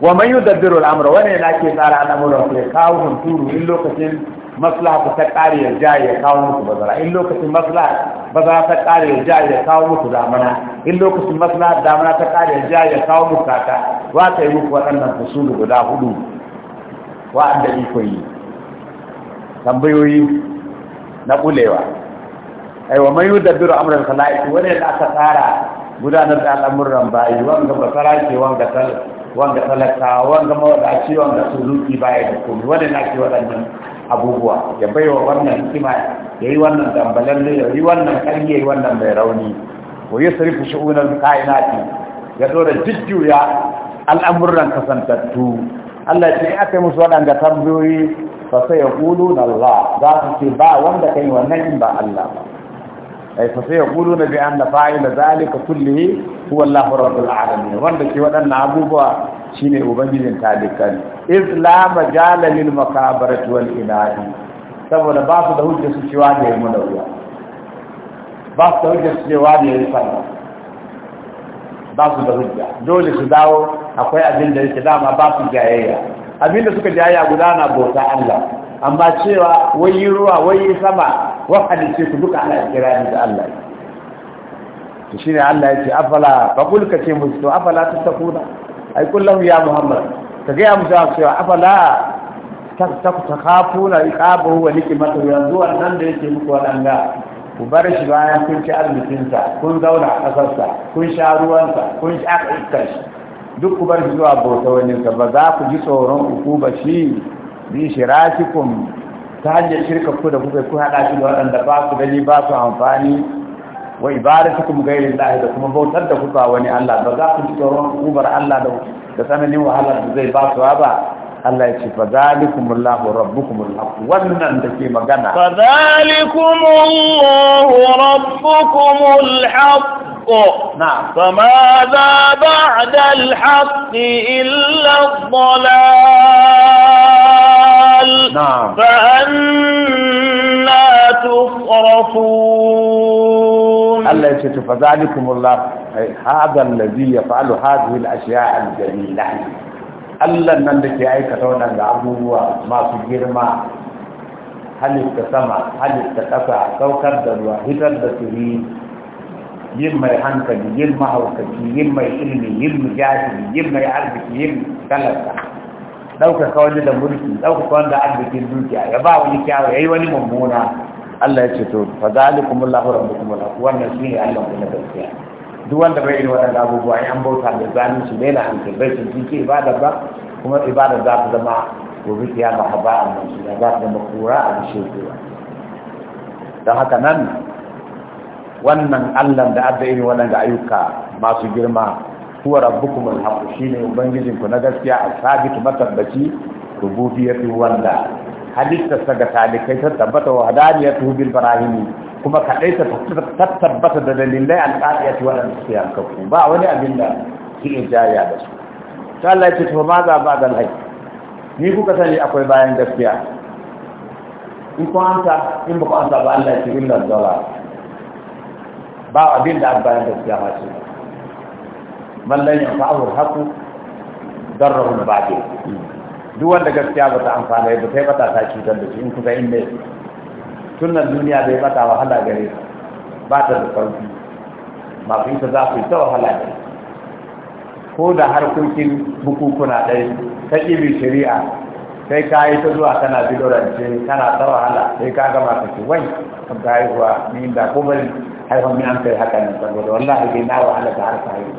wa man yudabbiru al-amra wane ne yake tsara al'amuran ku ya kawo hunturu in lokacin maslaha ta kare ya ja ya kawo musu bazara in lokacin maslaha bazara ta kare ya ja ya kawo musu damana in lokacin maslaha damana ta kare ya ja ya kawo musu kaka wa ta yi muku waɗannan fasulu guda hudu wa'anda iko yi tambayoyi na kulewa wa mai da biro amran sala'iku wani da aka tsara gudanar da al'amuran bayi wanga basara ke wanga talaka wanga talaka wanga mawadaci wanga suluki baya da komi wani na ke waɗannan abubuwa ya baiwa wannan hikima ya yi wannan dambalalle ya yi wannan karye ya yi wannan mai rauni ko yi sarrafa shi'unan kainati ya ɗora jujjuya al'amuran kasantattu Allah ce ya kai musu waɗanda tambayoyi fa ya ƙulu na Allah za su ce ba wanda kai yi wannan in ba Allah ba ai fa sai yaquluna bi anna fa'ila zalika kullihi huwa Allahu rabbul alamin wanda ke wadannan abubuwa shine ubangijin talikan islam jala lil makabarati wal ilahi saboda ba su da hujja su cewa da yamu da ruwa ba su da hujja su cewa da yayi sallah ba su da hujja dole su dawo akwai abin da yake dama ba su jayayya abin da suka jayayya gudana bauta Allah amma cewa wai yi ruwa wai yi sama wa halice ku duka ana kira ni da Allah to shine Allah yace afala faqul ka ce musu to afala tattaquna ai kullahu ya muhammad ka ga musu cewa afala ta takhafuna iqabahu wa nikmatahu yanzu wannan da yake muku wadanga ku bar shi bayan kun ci arzikinsa kun zauna a ƙasarsa kun sha ruwansa kun sha iskar shi duk ku bar shi zuwa bauta wani ba za ku ji tsoron uku ba shi bi shiratikun ta hanyar shirka ku da kuka haɗa shi da waɗanda ba su gani ba su amfani wa ibadatu kuma gairin lahi da kuma bautar da kuka wani Allah ba za su ji tsoron ubar Allah da da tsananin wahalar da zai ba su ba Allah ya ce fa zalikumullahu rabbukumul wannan da ke magana fa zalikumullahu rabbukumul haq نعم. فماذا بعد الحق إلا الضلال نعم. فأنا تفرطون ألا يشتف ذلكم الله هذا الذي يفعل هذه الأشياء الجميلة ألا ننتي أي كتونا لعبوا ما في ما هل اكتسمع هل اكتسع كوكب دلوه هتر دسرين yin mai hankali yin mahaukaci yin mai ilimi yin mujahidi yin mai arziki yin talaka ɗaukaka wani da mulki ɗaukaka wani da arzikin dukiya ya ba wani kyawu ya yi wani mummuna Allah ya ce to fa zalikum Allahu rabbukum Allah wannan shine Allah ku na gaskiya duk wanda bai irin waɗanda abubuwa ya an bauta da zalunci ne na hankali bai sun ji ibada ba kuma ibada za ta zama gobe kiyama haba a nan shi za ta zama kura a bishe kura don haka nan wannan Allah da adda irin wannan ga ayyuka masu girma huwa rabbukum al-haq shine ubangijin ku na gaskiya a sabit matabbaci rububiyyati wanda ta ga talikai ta tabbata wa hadaniyatu bil barahimi kuma kadai ta tabbata da dalilai alqadiyati qadiyati wa al-siyakaku ba wani abin da ke jaya da su ta Allah ce to ma za ba da alhaq ni kuka sani akwai bayan gaskiya in ku anta in ba ku anta ba Allah ya ce illa zalala ba abin da an bayan gaskiya ba ce mallan yan fa'ahu haku darrahu ba baɗe duk wanda gaskiya ba ta amfana ba ta bata ta cutar da shi in kusa in ne tunan duniya bai bata wahala gare ba ta da sauki masu ita za su yi ta wahala gare ko da harkokin bukukuna ɗaya ta ƙibin shari'a sai ka yi ta zuwa kana bidorance kana ta wahala sai ka gama ka ce wai ka haihuwa ni da kuma ai hon an kai haka nan saboda wallahi dai na wahala da harka yi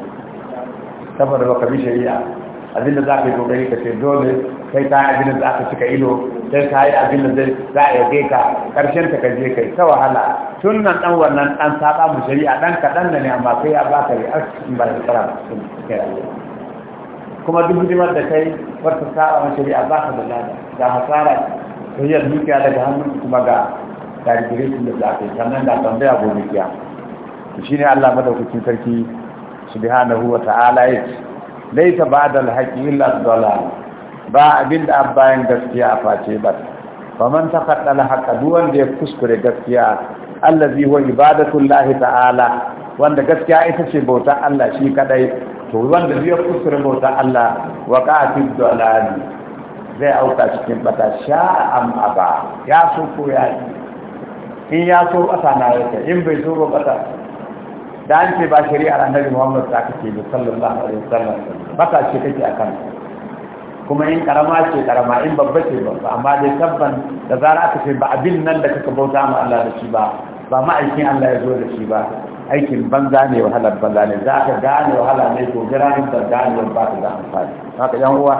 saboda baka bi shari'a abinda za ka yi kokari ka ce dole kai ta abinda za ka cika ido sai ka yi abinda zai za a yage ka karshen ta ka je kai ta wahala tun nan dan wannan dan saba mu shari'a dan ka da ne amma sai ya baka yi arzikin ba da tsara kuma duk hidimar da kai wata saba mu shari'a ba ka da lada ga hasara sai ya dukiya daga hannun kuma ga calculation da aka sannan da tambaya gobe kiya shi ne Allah madaukakin sarki subhanahu wa ta'ala ya ce ta ba da haqqi illa dola ba abin da bayan gaskiya a face ba ta taqaddala haka duwan da ya kuskure gaskiya Allah zai allazi huwa ibadatu lahi ta'ala wanda gaskiya ita ce bauta Allah shi kaɗai, to wanda zai kuskure bauta Allah wa dola ne zai auka cikin bata sha'am ba. ya so ko ya in ya so ƙasa na yake in bai so ba ƙasa da an ce ba shari'ar annabi muhammad ta kake da sallallahu alaihi wasallam baka ce kake a kan kuma in karama ce karama in babba ce babba amma dai tabban da zara aka ce ba abin nan da kaka bauta ma Allah da shi ba ba ma aikin Allah ya zo da shi ba aikin banza ne wahalar banza ne za ka gane wahala ne ko jiranin da ganewar ba ka da amfani haka yan uwa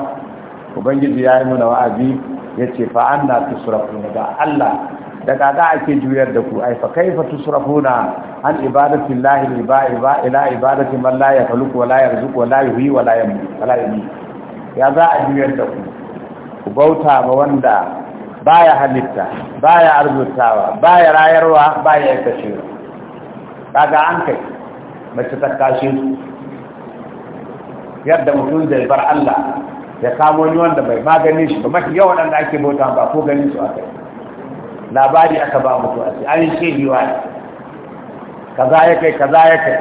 ubangiji ya yi mana wa'azi ya ce fa an na tusurafu da Allah da kaga ake juyar da ku ai fa kaifa tusrafuna an ibadati llahi ila ibadati man la yakhluqu wa la yarzuqu wa la yuhyi wa la yumit la yumit ya za a juyar da ku ku bauta ba wanda baya halitta baya arzutawa baya rayarwa baya kashe kaga an kai mace ta kashe yadda mutum zai bar Allah ya kamo ni wanda bai magani shi ba mafi yawan da ake bauta ba ko ganin su a kai? labari aka ba mutu a an yi shehi wani kaza ya kai kaza ya kai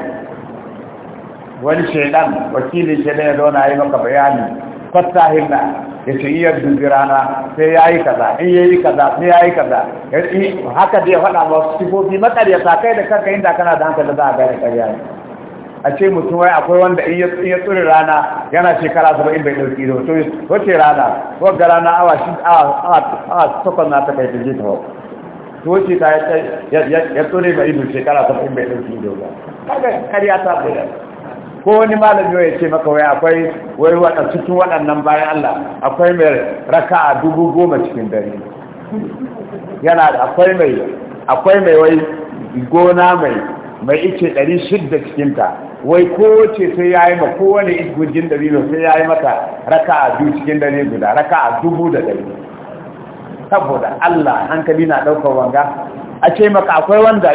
wani shaidan wakilin shaidan ya zauna yi maka bayani fasahin na ya ce iya dubirana sai ya yi kaza in ya yi kaza sai ya yi kaza eh, haka ya faɗa wasu sifofi makaryata kai da kanka inda kana da hankali za a gane karya a ce mutum wai akwai wanda in ya tsuri rana yana shekara in bai ɗauki da to wace rana wadda rana awa shi awa takwas na ta kai jirgin ta hau to wace ta ya tsuri mai ido shekara in bai ɗauki da ba kaga kariya ta bai ko wani malami ya ce maka wai akwai wai wata cikin waɗannan bayan Allah akwai mai raka a dubu goma cikin dare yana da akwai mai akwai mai wai gona mai mai ice 600 cikinta wai kowace sai ya yi ma kowane isgujin dalilo sai ya yi mata raka a biyu cikin dare guda raka a dubu da dari saboda Allah hankali na ɗaukar wanga a ce maka akwai wanda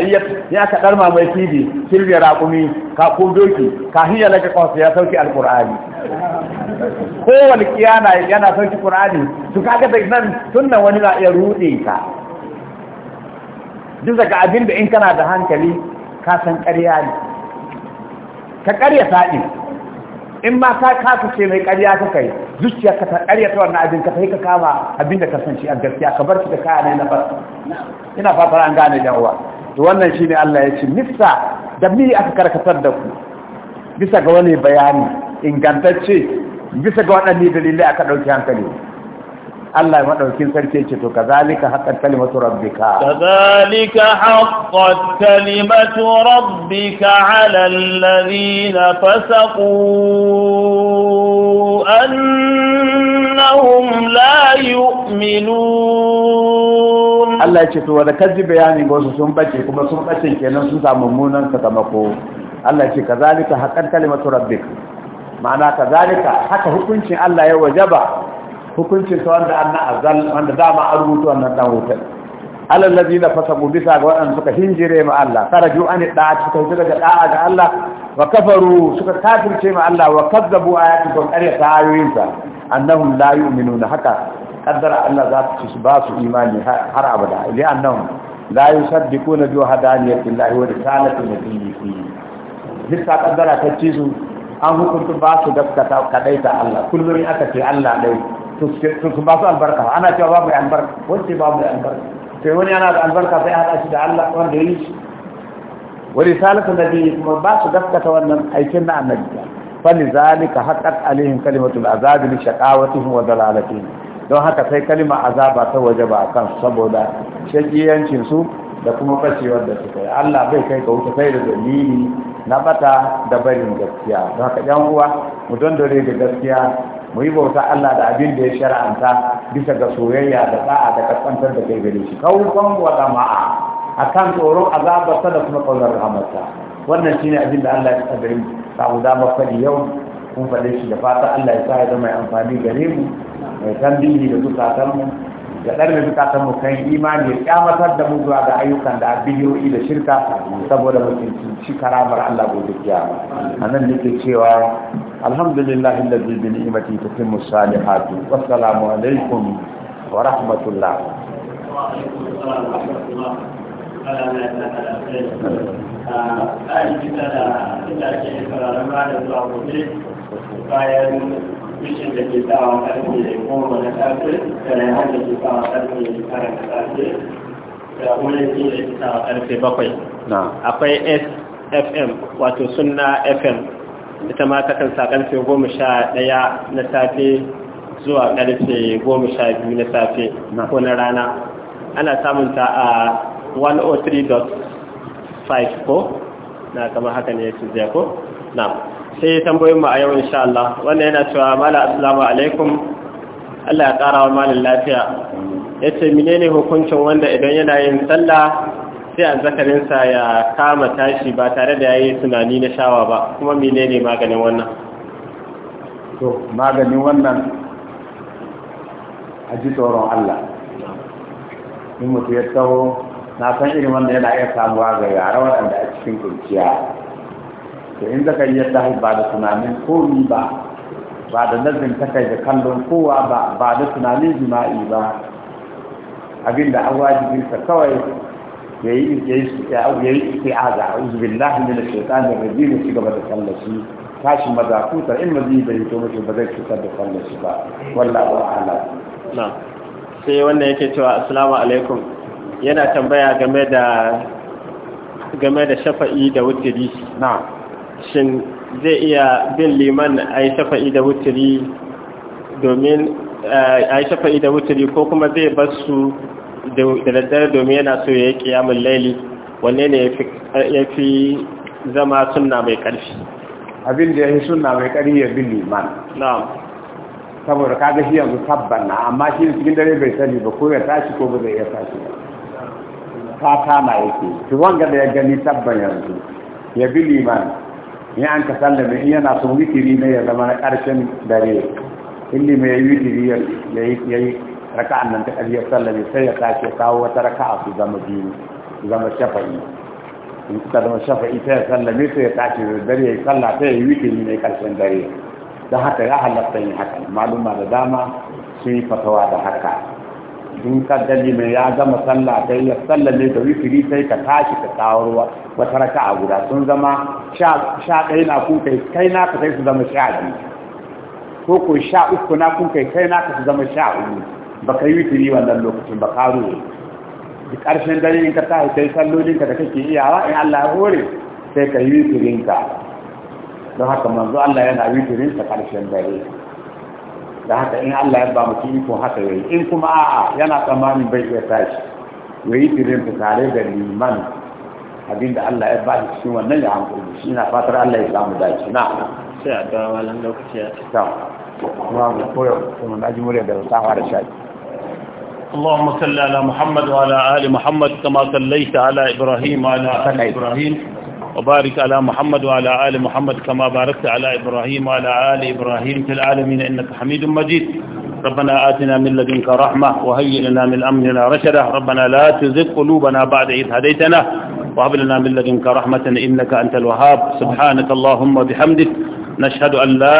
ya kaɗar mamai fili silvia raƙumi kakun doki ka ya laka kwasu ya sauki alƙur'ani kowane kiyana yana sauki ƙur'ani su kaga da nan tunan wani na iya ruɗe ka duk daga abinda in kana da hankali ka san ƙarya ne ka ƙarya sa'i in ma ka kasu ce mai ƙarya ta kai zuciya ka ta ƙarya ta wannan abin ka sai ka kama abin da ka san shi a gaskiya ka bar shi da kaya ne na bar ina fatar an gane da uwa to wannan shine Allah ya ce nissa da mi aka karkatar da ku bisa ga wani bayani ingantacce bisa ga waɗanne dalilai aka ɗauki hankali Allah ya madaukin sarki ce to kazalika haqqat kalimatu rabbika kazalika haqqat kalimatu rabbika ala alladhina fasaqu annahum la yu'minun Allah ce to da kaji bayani ga wasu sun bace kuma sun bace kenan sun samu munan sakamako Allah ya ce kazalika haqqat kalimatu rabbika ma'ana kazalika haka hukuncin Allah ya wajaba hukuncin ta wanda an azal wanda dama an rubuta wannan dan hotel alal ladina fasabu bisa ga waɗanda suka hinjire ma Allah karaju an da'a suka hinjire daga da'a ga Allah wa kafaru suka kafirce ma Allah wa kazzabu ayati don ƙarya ta ayoyinsa annahum la yu'minuna haka kaddara Allah za ta ci ba su imani har abada li annahum la yusaddiquna bi na Allah wa risalati nabiyyi fi bisa kaddara ta ci su an hukunta ba su gaskata kadai ta Allah kullum aka ce Allah dai su ba su albarka ana cewa babu albarka wacce babu albarka sai wani yana da albarka sai hada shi da Allah wanda ya yi shi wa da biyu kuma ba su gaskata wannan aikin na annabi fani zalika haƙar alihin kalimatul azab li shaqawatihim wa dalalatihim don haka sai kalima azaba ta waje a kan saboda shakiyancin su da kuma bacewar da suka yi Allah bai kai ka wuta sai da dalili na bata da barin gaskiya don haka yan uwa mu dondore da gaskiya mu yi bauta Allah da abin da ya shar'anta bisa ga soyayya da sa'a da kasantar da kai gare shi kawukan wa jama'a akan tsoron azabarsa da kuma kaunar rahamarsa wannan shine abin da Allah ya kaddarin samu damar faɗi yau kun faɗe shi da fata Allah ya sa ya zama mai amfani gare mu mai tambayi da zukatan mu ga ɗar da bukatar mu kan imani ya kyamatar da mu zuwa ga ayyukan da abiyoyi da shirka saboda mutunci shi karamar Allah gobe kiyama a nan nake cewa alhamdulillah alladhi bi ni'mati tatimmu hatu wasalamu alaikum wa rahmatullah a da da bayan kishin da ke sa wa karfe goma na safe da rana da ke sa wa da tara na safe da kuma da ke sa wa karfe bakwai akwai sfm wato sunna fm ita ma kakan sa karfe goma sha ɗaya na safe zuwa karfe goma sha biyu na safe ko na rana ana samun ta a 103.5 ko na kama haka ne ya ce ko na sai tambayoyin mu a yau insha Allah wanda yana cewa mala assalamu alaikum Allah ya ƙara wa malin lafiya yace menene hukuncin wanda idan yana yin sallah sai sa ya kama tashi ba tare da yayi tunani na shawa ba kuma menene maganin wannan to maganin wannan a ji tsoron Allah in mutu ya taho na san irin wanda yana iya samuwa ga yara wanda a cikin kurciya to in zaka yi tahi ba da tunanin komi ba ba da nazin ta da kallon kowa ba ba da tunanin jima'i ba abinda an sa kawai yayi yayi yayi istiaza a'udhu billahi minash shaitanir rajim shi gaba da sallashi tashi mazakutar in mazi da hito mace ba zai cutar da sallashi ba wallahi a'lam na sai wannan yake cewa assalamu alaikum yana tambaya game da game da shafa'i da wutiri na'am shin zai iya bin liman a yi shafa'i da wuturi domin a yi shafa'i da wuturi ko kuma zai basu da daddare domin yana so ya yi kiyamun laili wanne ne ya fi zama suna mai ƙarfi abin da ya yi suna mai ƙarfi ya bin liman saboda kaga shi yanzu tabban na amma shi da cikin dare bai sani ba ko ya tashi ko ba zai iya tashi ba fata na yake shi wanga da ya gani tabban yanzu ya bi liman Ni an ka sanda in yana son witiri ne ya zama na ƙarshen dare inda mai witiri ya yi raka nan ta ƙarfi sallame sai ya tashi kawo wata a su zama biyu zama shafa'i in suka zama shafa'i sai ya sallame sai ya tashi da dare ya yi sallah sai ya yi witiri ne ƙarshen dare don haka ya halatta yin haka maluma da dama sun yi fatawa da haka in dalli mai ya gama sallah kai ya ne da wifiri sai ka tashi ka kawo wata raka a guda sun zama sha ɗaya na kun kai kai na ka sai su zama sha biyu ko ko sha uku na kun kai kai na ka su zama sha uku ba ka yi wifiri wannan lokacin ba ka ruwa da ƙarshen dare in ka tashi kai sallolinka da kake iyawa in Allah ya hore sai ka yi wifirinka don haka manzo Allah yana wifirinsa ƙarshen dare da haka in Allah ya ba mutum iko haka yayi in kuma a'a yana tsammanin bai iya tashi yayi tirin tare da liman abinda Allah ya ba shi wannan ya hankali shi na fatar Allah ya samu dace na sai a dawo wannan lokaci ya ta kuma mu koyo kuma na ji murya da da shaki اللهم صل على محمد وعلى محمد كما صليت على وعلى وبارك على محمد وعلى آل محمد كما باركت على إبراهيم وعلى آل إبراهيم في العالمين إنك حميد مجيد ربنا آتنا من لدنك رحمة وهيئ لنا من أمرنا رشدا ربنا لا تزد قلوبنا بعد إذ هديتنا وهب لنا من لدنك رحمة إنك أنت الوهاب سبحانك اللهم وبحمدك نشهد أن لا